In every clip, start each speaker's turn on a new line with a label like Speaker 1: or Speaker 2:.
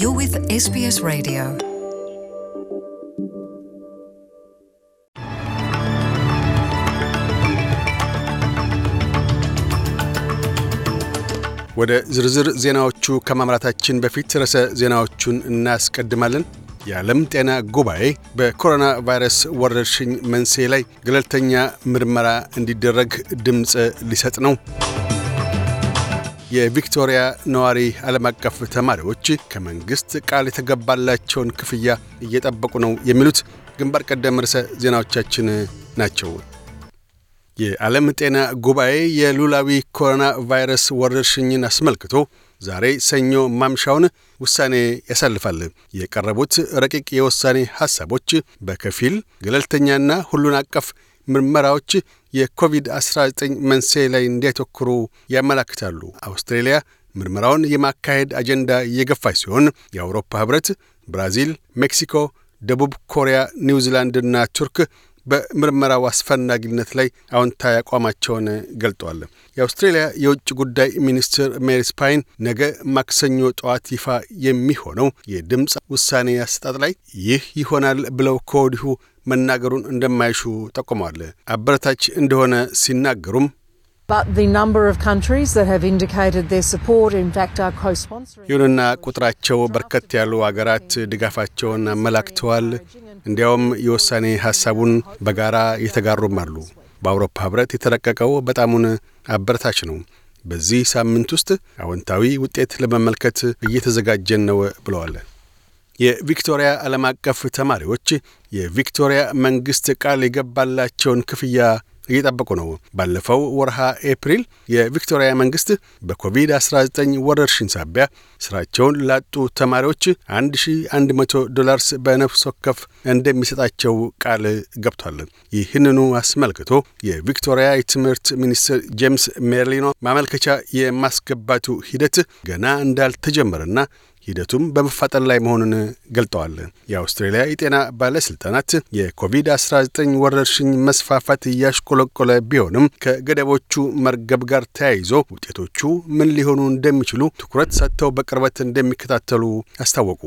Speaker 1: You're with SBS Radio. ወደ ዝርዝር ዜናዎቹ ከማምራታችን በፊት ርዕሰ ዜናዎቹን እናስቀድማለን። የዓለም ጤና ጉባኤ በኮሮና ቫይረስ ወረርሽኝ መንስኤ ላይ ገለልተኛ ምርመራ እንዲደረግ ድምፅ ሊሰጥ ነው። የቪክቶሪያ ነዋሪ ዓለም አቀፍ ተማሪዎች ከመንግሥት ቃል የተገባላቸውን ክፍያ እየጠበቁ ነው የሚሉት ግንባር ቀደም ርዕሰ ዜናዎቻችን ናቸው። የዓለም ጤና ጉባኤ የሉላዊ ኮሮና ቫይረስ ወረርሽኝን አስመልክቶ ዛሬ ሰኞ ማምሻውን ውሳኔ ያሳልፋል። የቀረቡት ረቂቅ የውሳኔ ሐሳቦች በከፊል ገለልተኛና ሁሉን አቀፍ ምርመራዎች የኮቪድ-19 መንስኤ ላይ እንዲያተኩሩ ያመላክታሉ። አውስትሬሊያ ምርመራውን የማካሄድ አጀንዳ እየገፋች ሲሆን የአውሮፓ ህብረት፣ ብራዚል፣ ሜክሲኮ፣ ደቡብ ኮሪያ፣ ኒውዚላንድና ቱርክ በምርመራው አስፈላጊነት ላይ አዎንታዊ አቋማቸውን ገልጠዋል። የአውስትሬልያ የውጭ ጉዳይ ሚኒስትር ሜሪስ ፓይን ነገ ማክሰኞ ጠዋት ይፋ የሚሆነው የድምፅ ውሳኔ አሰጣጥ ላይ ይህ ይሆናል ብለው ከወዲሁ መናገሩን እንደማይሹ ጠቁመዋል። አበረታች እንደሆነ ሲናገሩም ይሁንና ቁጥራቸው በርከት ያሉ አገራት ድጋፋቸውን አመላክተዋል። እንዲያውም የውሳኔ ሐሳቡን በጋራ የተጋሩም አሉ። በአውሮፓ ኅብረት የተረቀቀው በጣሙን አበረታች ነው። በዚህ ሳምንት ውስጥ አዎንታዊ ውጤት ለመመልከት እየተዘጋጀን ነው ብለዋል። የቪክቶሪያ ዓለም አቀፍ ተማሪዎች የቪክቶሪያ መንግሥት ቃል የገባላቸውን ክፍያ እየጠበቁ ነው። ባለፈው ወርሃ ኤፕሪል የቪክቶሪያ መንግሥት በኮቪድ-19 ወረርሽኝ ሳቢያ ስራቸውን ላጡ ተማሪዎች 1100 ዶላርስ በነፍስ ወከፍ እንደሚሰጣቸው ቃል ገብቷል። ይህንኑ አስመልክቶ የቪክቶሪያ የትምህርት ሚኒስትር ጄምስ ሜርሊኖ ማመልከቻ የማስገባቱ ሂደት ገና እንዳልተጀመረና ሂደቱም በመፋጠን ላይ መሆኑን ገልጠዋል። የአውስትሬልያ የጤና ባለስልጣናት የኮቪድ-19 ወረርሽኝ መስፋፋት እያሽቆለቆለ ቢሆንም ከገደቦቹ መርገብ ጋር ተያይዞ ውጤቶቹ ምን ሊሆኑ እንደሚችሉ ትኩረት ሰጥተው በቅርበት እንደሚከታተሉ አስታወቁ።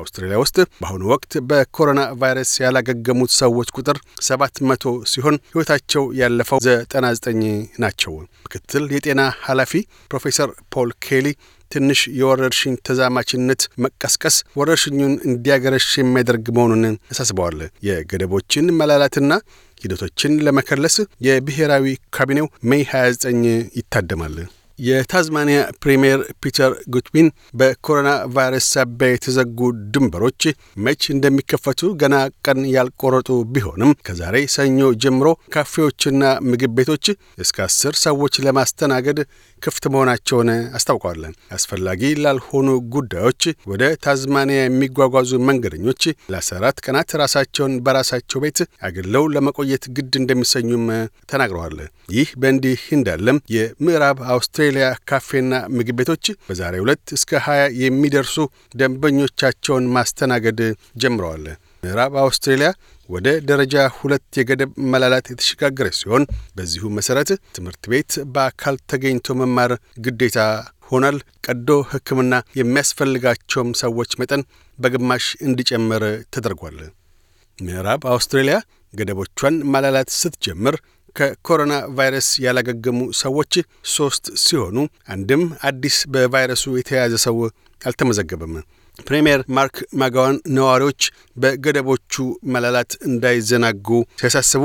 Speaker 1: አውስትራሊያ ውስጥ በአሁኑ ወቅት በኮሮና ቫይረስ ያላገገሙት ሰዎች ቁጥር 700 ሲሆን ሕይወታቸው ያለፈው 99 ናቸው። ምክትል የጤና ኃላፊ ፕሮፌሰር ፖል ኬሊ ትንሽ የወረርሽኝ ተዛማችነት መቀስቀስ ወረርሽኙን እንዲያገረሽ የሚያደርግ መሆኑን አሳስበዋል። የገደቦችን መላላትና ሂደቶችን ለመከለስ የብሔራዊ ካቢኔው ሜይ 29 ይታደማል። የታዝማኒያ ፕሪምየር ፒተር ጉትዊን በኮሮና ቫይረስ ሳቢያ የተዘጉ ድንበሮች መች እንደሚከፈቱ ገና ቀን ያልቆረጡ ቢሆንም ከዛሬ ሰኞ ጀምሮ ካፌዎችና ምግብ ቤቶች እስከ አስር ሰዎች ለማስተናገድ ክፍት መሆናቸውን አስታውቀዋል። አስፈላጊ ላልሆኑ ጉዳዮች ወደ ታዝማኒያ የሚጓጓዙ መንገደኞች ለአስራት ቀናት ራሳቸውን በራሳቸው ቤት አግለው ለመቆየት ግድ እንደሚሰኙም ተናግረዋል። ይህ በእንዲህ እንዳለም የምዕራብ አውስትሬ የአውስትሬሊያ ካፌና ምግብ ቤቶች በዛሬ ሁለት እስከ 20 የሚደርሱ ደንበኞቻቸውን ማስተናገድ ጀምረዋል። ምዕራብ አውስትሬሊያ ወደ ደረጃ ሁለት የገደብ መላላት የተሸጋገረ ሲሆን በዚሁ መሠረት ትምህርት ቤት በአካል ተገኝቶ መማር ግዴታ ሆኗል። ቀዶ ሕክምና የሚያስፈልጋቸውም ሰዎች መጠን በግማሽ እንዲጨምር ተደርጓል። ምዕራብ አውስትሬሊያ ገደቦቿን ማላላት ስትጀምር ከኮሮና ቫይረስ ያላገገሙ ሰዎች ሶስት ሲሆኑ አንድም አዲስ በቫይረሱ የተያዘ ሰው አልተመዘገበም። ፕሬምየር ማርክ ማጋዋን ነዋሪዎች በገደቦቹ መላላት እንዳይዘናጉ ሲያሳስቡ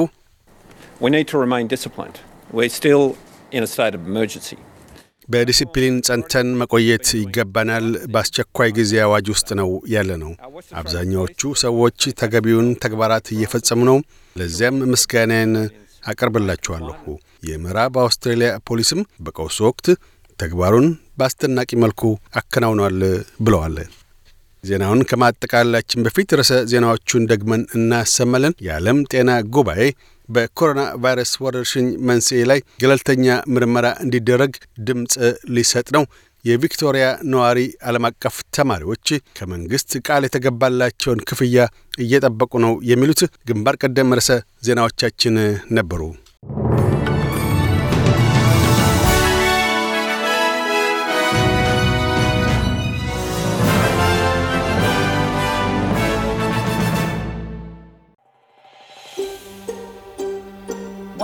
Speaker 1: በዲሲፕሊን ጸንተን መቆየት ይገባናል። በአስቸኳይ ጊዜ አዋጅ ውስጥ ነው ያለ ነው። አብዛኛዎቹ ሰዎች ተገቢውን ተግባራት እየፈጸሙ ነው። ለዚያም ምስጋናን አቀርብላችኋለሁ። የምዕራብ አውስትራሊያ ፖሊስም በቀውሱ ወቅት ተግባሩን በአስደናቂ መልኩ አከናውኗል ብለዋል። ዜናውን ከማጠቃለላችን በፊት ርዕሰ ዜናዎቹን ደግመን እናሰማለን። የዓለም ጤና ጉባኤ በኮሮና ቫይረስ ወረርሽኝ መንስኤ ላይ ገለልተኛ ምርመራ እንዲደረግ ድምፅ ሊሰጥ ነው። የቪክቶሪያ ነዋሪ ዓለም አቀፍ ተማሪዎች ከመንግሥት ቃል የተገባላቸውን ክፍያ እየጠበቁ ነው የሚሉት ግንባር ቀደም ርዕሰ ዜናዎቻችን ነበሩ።